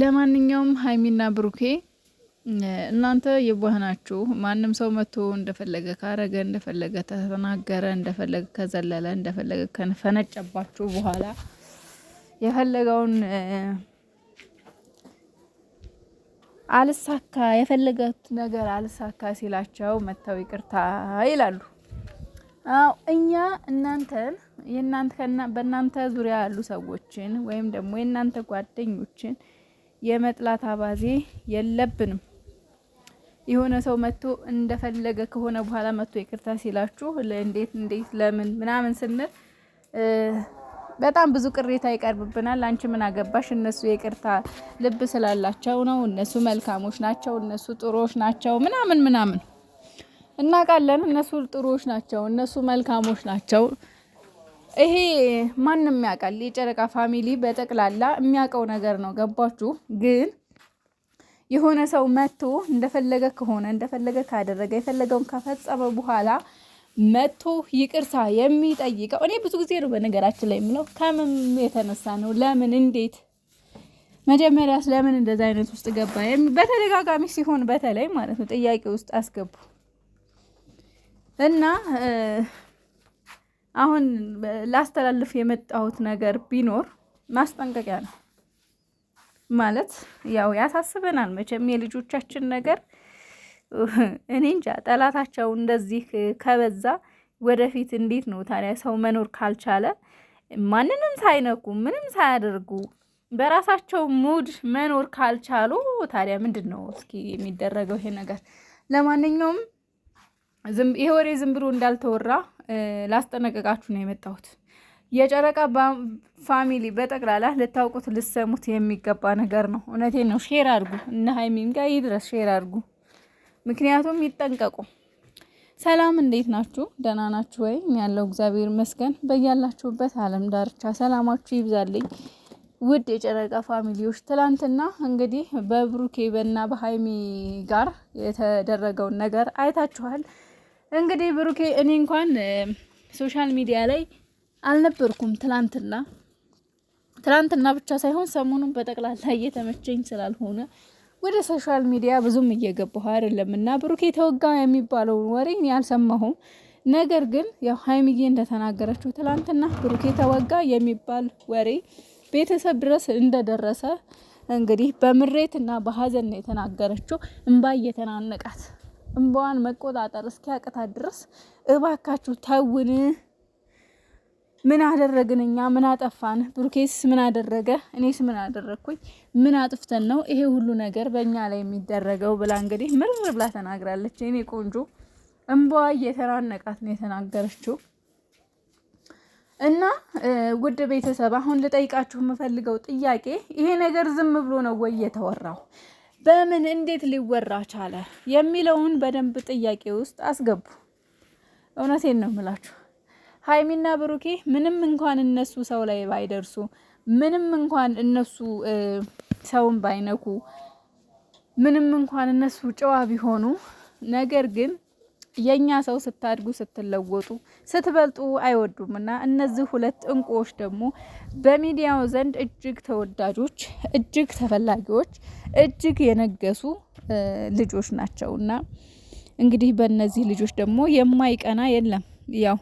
ለማንኛውም ሀይሚና ብሩኬ እናንተ የዋህ ናችሁ። ማንም ሰው መጥቶ እንደፈለገ ካረገ፣ እንደፈለገ ተተናገረ፣ እንደፈለገ ከዘለለ፣ እንደፈለገ ከፈነጨባችሁ በኋላ የፈለገውን አልሳካ የፈለገት ነገር አልሳካ ሲላቸው መጥተው ይቅርታ ይላሉ። አዎ እኛ እናንተን የእናንተ በእናንተ ዙሪያ ያሉ ሰዎችን ወይም ደግሞ የእናንተ ጓደኞችን የመጥላት አባዜ የለብንም። የሆነ ሰው መጥቶ እንደፈለገ ከሆነ በኋላ መጥቶ ይቅርታ ሲላችሁ እንዴት እንዴት ለምን ምናምን ስንል በጣም ብዙ ቅሬታ ይቀርብብናል። አንቺ ምን አገባሽ? እነሱ የቅርታ ልብ ስላላቸው ነው፣ እነሱ መልካሞች ናቸው፣ እነሱ ጥሩዎች ናቸው ምናምን ምናምን እናውቃለን። እነሱ ጥሩዎች ናቸው፣ እነሱ መልካሞች ናቸው ይሄ ማንም ያውቃል፣ የጨረቃ ፋሚሊ በጠቅላላ የሚያውቀው ነገር ነው። ገባችሁ? ግን የሆነ ሰው መጥቶ እንደፈለገ ከሆነ እንደፈለገ ካደረገ የፈለገውን ከፈጸመ በኋላ መጥቶ ይቅርታ የሚጠይቀው እኔ ብዙ ጊዜ ነው በነገራችን ላይ የምለው ከምን የተነሳ ነው። ለምን እንዴት መጀመሪያስ ለምን እንደዚ አይነት ውስጥ ገባ? በተደጋጋሚ ሲሆን በተለይ ማለት ነው ጥያቄ ውስጥ አስገቡ እና አሁን ላስተላልፍ የመጣሁት ነገር ቢኖር ማስጠንቀቂያ ነው። ማለት ያው ያሳስበናል መቼም የልጆቻችን ነገር እኔ እንጃ ጠላታቸው እንደዚህ ከበዛ ወደፊት እንዴት ነው ታዲያ ሰው መኖር ካልቻለ ማንንም ሳይነኩ ምንም ሳያደርጉ በራሳቸው ሙድ መኖር ካልቻሉ ታዲያ ምንድን ነው እስኪ የሚደረገው ይሄ ነገር? ለማንኛውም ይሄ ወሬ ዝም ብሎ እንዳልተወራ ላስጠነቀቃችሁ ነው የመጣሁት። የጨረቃ ፋሚሊ በጠቅላላ ልታውቁት ልሰሙት የሚገባ ነገር ነው። እውነቴ ነው። ሼር አድርጉ፣ እነ ሀይሚም ጋር ይድረስ፣ ሼር አድርጉ። ምክንያቱም ይጠንቀቁ። ሰላም፣ እንዴት ናችሁ? ደህና ናችሁ ወይ? ያለው እግዚአብሔር ይመስገን። በያላችሁበት አለም ዳርቻ ሰላማችሁ ይብዛልኝ። ውድ የጨረቃ ፋሚሊዎች ትላንትና እንግዲህ በብሩኬ በና በሀይሚ ጋር የተደረገውን ነገር አይታችኋል። እንግዲህ ብሩኬ እኔ እንኳን ሶሻል ሚዲያ ላይ አልነበርኩም ትላንትና ትላንትና ብቻ ሳይሆን ሰሞኑን በጠቅላላ እየተመቸኝ ስላልሆነ ወደ ሶሻል ሚዲያ ብዙም እየገባሁ አይደለም እና ብሩኬ ተወጋ የሚባለውን ወሬ እኔ አልሰማሁም። ነገር ግን ያው ሀይሚዬ እንደተናገረችው ትላንትና ብሩኬ ተወጋ የሚባል ወሬ ቤተሰብ ድረስ እንደደረሰ እንግዲህ በምሬትና በሀዘን ነው የተናገረችው። እንባ እየተናነቃት እንባዋን መቆጣጠር እስኪያቅታት ድረስ እባካችሁ ተውን። ምን አደረግን እኛ? ምን አጠፋን? ብሩኬስ ምን አደረገ? እኔስ ምን አደረግኩኝ? ምን አጥፍተን ነው ይሄ ሁሉ ነገር በእኛ ላይ የሚደረገው? ብላ እንግዲህ ምር ብላ ተናግራለች። እኔ ቆንጆ እንባዋ እየተራነቃት ነው የተናገረችው። እና ውድ ቤተሰብ አሁን ልጠይቃችሁ የምፈልገው ጥያቄ ይሄ ነገር ዝም ብሎ ነው ወይ የተወራው? በምን እንዴት ሊወራ ቻለ የሚለውን በደንብ ጥያቄ ውስጥ አስገቡ። እውነቴን ነው የምላችሁ ሀይሚና ብሩኬ ምንም እንኳን እነሱ ሰው ላይ ባይደርሱ፣ ምንም እንኳን እነሱ ሰውን ባይነኩ፣ ምንም እንኳን እነሱ ጨዋ ቢሆኑ ነገር ግን የእኛ ሰው ስታድጉ ስትለወጡ ስትበልጡ አይወዱም እና እነዚህ ሁለት እንቁዎች ደግሞ በሚዲያው ዘንድ እጅግ ተወዳጆች፣ እጅግ ተፈላጊዎች፣ እጅግ የነገሱ ልጆች ናቸው እና እንግዲህ በእነዚህ ልጆች ደግሞ የማይቀና የለም። ያው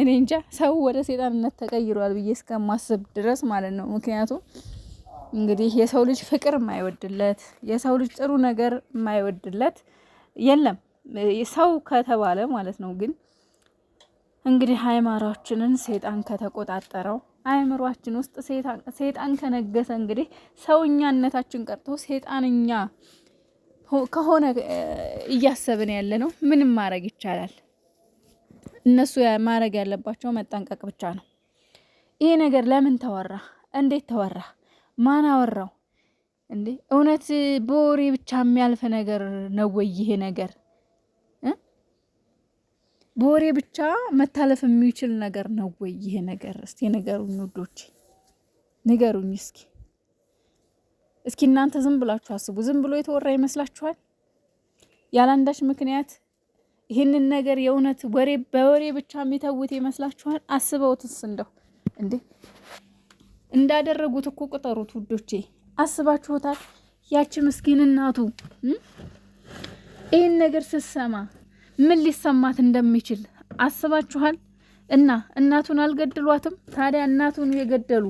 እኔ እንጃ ሰው ወደ ሴጣንነት ተቀይሯል ብዬ እስከማስብ ድረስ ማለት ነው ምክንያቱም እንግዲህ የሰው ልጅ ፍቅር የማይወድለት የሰው ልጅ ጥሩ ነገር የማይወድለት የለም ሰው ከተባለ ማለት ነው። ግን እንግዲህ አእምሯችንን ሰይጣን ከተቆጣጠረው አእምሯችን ውስጥ ሰይጣን ከነገሰ እንግዲህ ሰውኛነታችን ቀርቶ ሰይጣንኛ ከሆነ እያሰብን ያለ ነው። ምንም ማድረግ ይቻላል። እነሱ ማድረግ ያለባቸው መጠንቀቅ ብቻ ነው። ይሄ ነገር ለምን ተወራ? እንዴት ተወራ? ማን አወራው? እንዴ እውነት በወሬ ብቻ የሚያልፍ ነገር ነው ወይ ይሄ ነገር? በወሬ ብቻ መታለፍ የሚችል ነገር ነው ወይ ይሄ ነገር? እስቲ ንገሩኝ ውዶች፣ ንገሩኝ እስኪ እስኪ እናንተ ዝም ብላችሁ አስቡ። ዝም ብሎ የተወራ ይመስላችኋል? ያላንዳች ምክንያት ይህንን ነገር የእውነት ወሬ በወሬ ብቻ የሚተውት ይመስላችኋል? አስበውትስ እንደው እንዴ እንዳደረጉት እኮ ቁጠሩት ውዶቼ። አስባችሁታል? ያቺ ምስኪን እናቱ ይህን ነገር ስትሰማ ምን ሊሰማት እንደሚችል አስባችኋል? እና እናቱን አልገድሏትም ታዲያ? እናቱን የገደሉ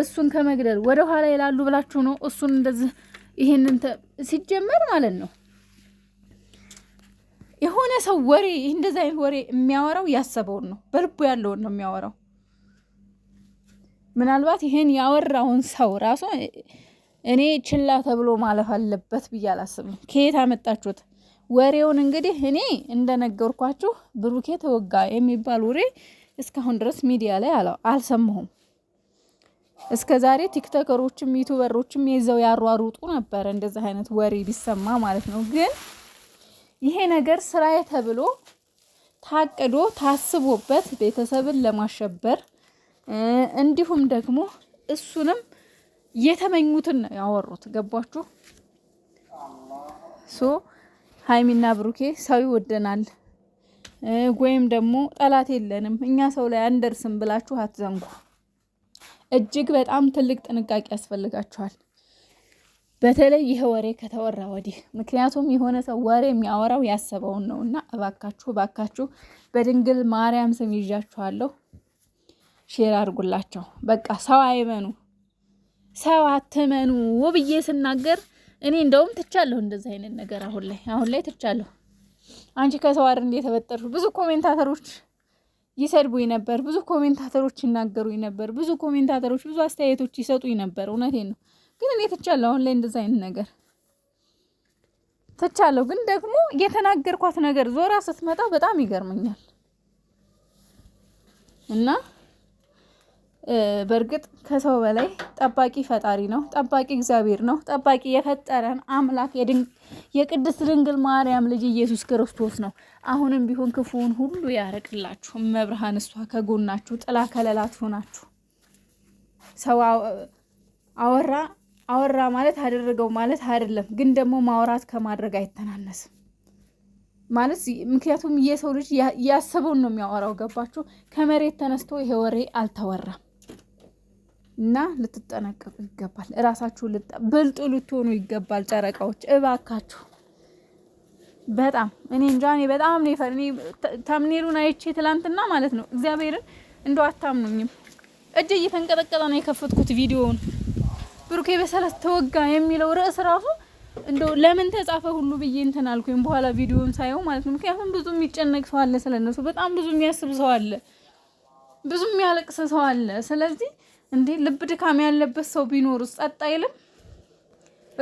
እሱን ከመግደል ወደ ኋላ ይላሉ ብላችሁ ነው እሱን እንደዚህ ይህንን ሲጀመር ማለት ነው የሆነ ሰው ወሬ እንደዚህ አይነት ወሬ የሚያወራው ያሰበውን ነው፣ በልቡ ያለውን ነው የሚያወራው። ምናልባት ይሄን ያወራውን ሰው ራሱ እኔ ችላ ተብሎ ማለፍ አለበት ብዬ አላስብም። ከየት አመጣችሁት ወሬውን? እንግዲህ እኔ እንደነገርኳችሁ ብሩኬ ተወጋ የሚባል ወሬ እስካሁን ድረስ ሚዲያ ላይ አልሰማሁም። እስከ ዛሬ ቲክቶከሮችም ዩቱበሮችም የዘው ያሯሩጡ ነበር፣ እንደዚህ አይነት ወሬ ቢሰማ ማለት ነው። ግን ይሄ ነገር ስራዬ ተብሎ ታቅዶ ታስቦበት ቤተሰብን ለማሸበር እንዲሁም ደግሞ እሱንም የተመኙትን ነው ያወሩት። ገባችሁ? ሶ ሀይሚና ብሩኬ ሰው ይወደናል ወይም ደግሞ ጠላት የለንም እኛ ሰው ላይ አንደርስም ብላችሁ አትዘንጉ። እጅግ በጣም ትልቅ ጥንቃቄ ያስፈልጋችኋል። በተለይ ይህ ወሬ ከተወራ ወዲህ ምክንያቱም የሆነ ሰው ወሬ የሚያወራው ያሰበውን ነው እና እባካችሁ እባካችሁ በድንግል ማርያም ስም ይዣችኋለሁ፣ ሼር አድርጉላቸው። በቃ ሰው አይመኑ። ሰው አትመኑ ብዬ ስናገር እኔ እንደውም ትቻለሁ። እንደዚህ አይነት ነገር አሁን ላይ አሁን ላይ ትቻለሁ። አንቺ ከሰው አይደል እንደ የተበጠርሽ ብዙ ኮሜንታተሮች ይሰድቡኝ ነበር። ብዙ ኮሜንታተሮች ይናገሩኝ ነበር። ብዙ ኮሜንታተሮች ብዙ አስተያየቶች ይሰጡኝ ነበር። እውነቴ ነው። ግን እኔ ትቻለሁ። አሁን ላይ እንደዚህ አይነት ነገር ትቻለሁ። ግን ደግሞ የተናገርኳት ነገር ዞራ ስትመጣ በጣም ይገርመኛል እና በእርግጥ ከሰው በላይ ጠባቂ ፈጣሪ ነው። ጠባቂ እግዚአብሔር ነው። ጠባቂ የፈጠረን አምላክ የቅድስት ድንግል ማርያም ልጅ ኢየሱስ ክርስቶስ ነው። አሁንም ቢሆን ክፉውን ሁሉ ያርቅላችሁ። መብርሃን እሷ ከጎናችሁ ጥላ ከለላችሁ ናችሁ። ሰው አወራ አወራ ማለት አደረገው ማለት አይደለም፣ ግን ደግሞ ማውራት ከማድረግ አይተናነስም ማለት ምክንያቱም የሰው ልጅ ያሰበውን ነው የሚያወራው። ገባችሁ? ከመሬት ተነስቶ ይሄ ወሬ አልተወራም። እና ልትጠነቀቁ ይገባል። እራሳችሁ ብልጡ ልትሆኑ ይገባል። ጨረቃዎች እባካችሁ በጣም እኔ እንጃ እኔ በጣም ነው ፈር ተምኔሉን አይቼ ትላንትና ማለት ነው እግዚአብሔርን እንደው አታምኑኝም። እጅ እየተንቀጠቀጠ ነው የከፈትኩት ቪዲዮውን ብሩኬ በሰላሳ ተወጋ የሚለው ርዕስ ራሱ እንደው ለምን ተጻፈ ሁሉ ብዬ እንትን አልኩኝ በኋላ ቪዲዮውን ሳየው ማለት ነው። ምክንያቱም ብዙ የሚጨነቅ ሰው አለ ስለነሱ፣ በጣም ብዙ የሚያስብ ሰው አለ፣ ብዙ የሚያለቅስ ሰው አለ። ስለዚህ እንዴ ልብ ድካም ያለበት ሰው ቢኖር ውስጥ ጸጥ አይልም።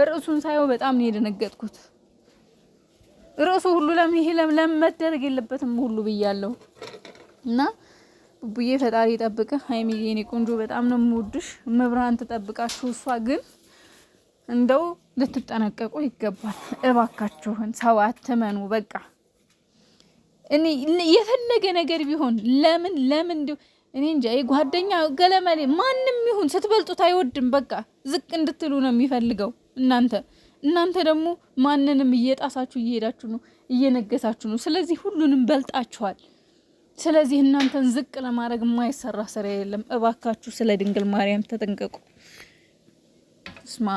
ርዕሱን ሳየው በጣም ነው የደነገጥኩት። ርዕሱ ሁሉ ለምን ይሄ ለምን መደረግ የለበትም ሁሉ ብያለሁ። እና ቡቡዬ ፈጣሪ ጠብቀ ሀይሚዬ የኔ ቆንጆ በጣም ነው የምወድሽ። መብራን ትጠብቃችሁ። እሷ ግን እንደው ልትጠነቀቁ ይገባል። እባካችሁን ሰው አትመኑ። በቃ እኔ የፈለገ ነገር ቢሆን ለምን ለምን እኔ እንጃ ጓደኛ ገለመሌ ማንም ይሁን ስትበልጡት አይወድም። በቃ ዝቅ እንድትሉ ነው የሚፈልገው። እናንተ እናንተ ደግሞ ማንንም እየጣሳችሁ እየሄዳችሁ ነው፣ እየነገሳችሁ ነው። ስለዚህ ሁሉንም በልጣችኋል። ስለዚህ እናንተን ዝቅ ለማድረግ የማይሰራ ስራ የለም። እባካችሁ ስለ ድንግል ማርያም ተጠንቀቁ። ስማ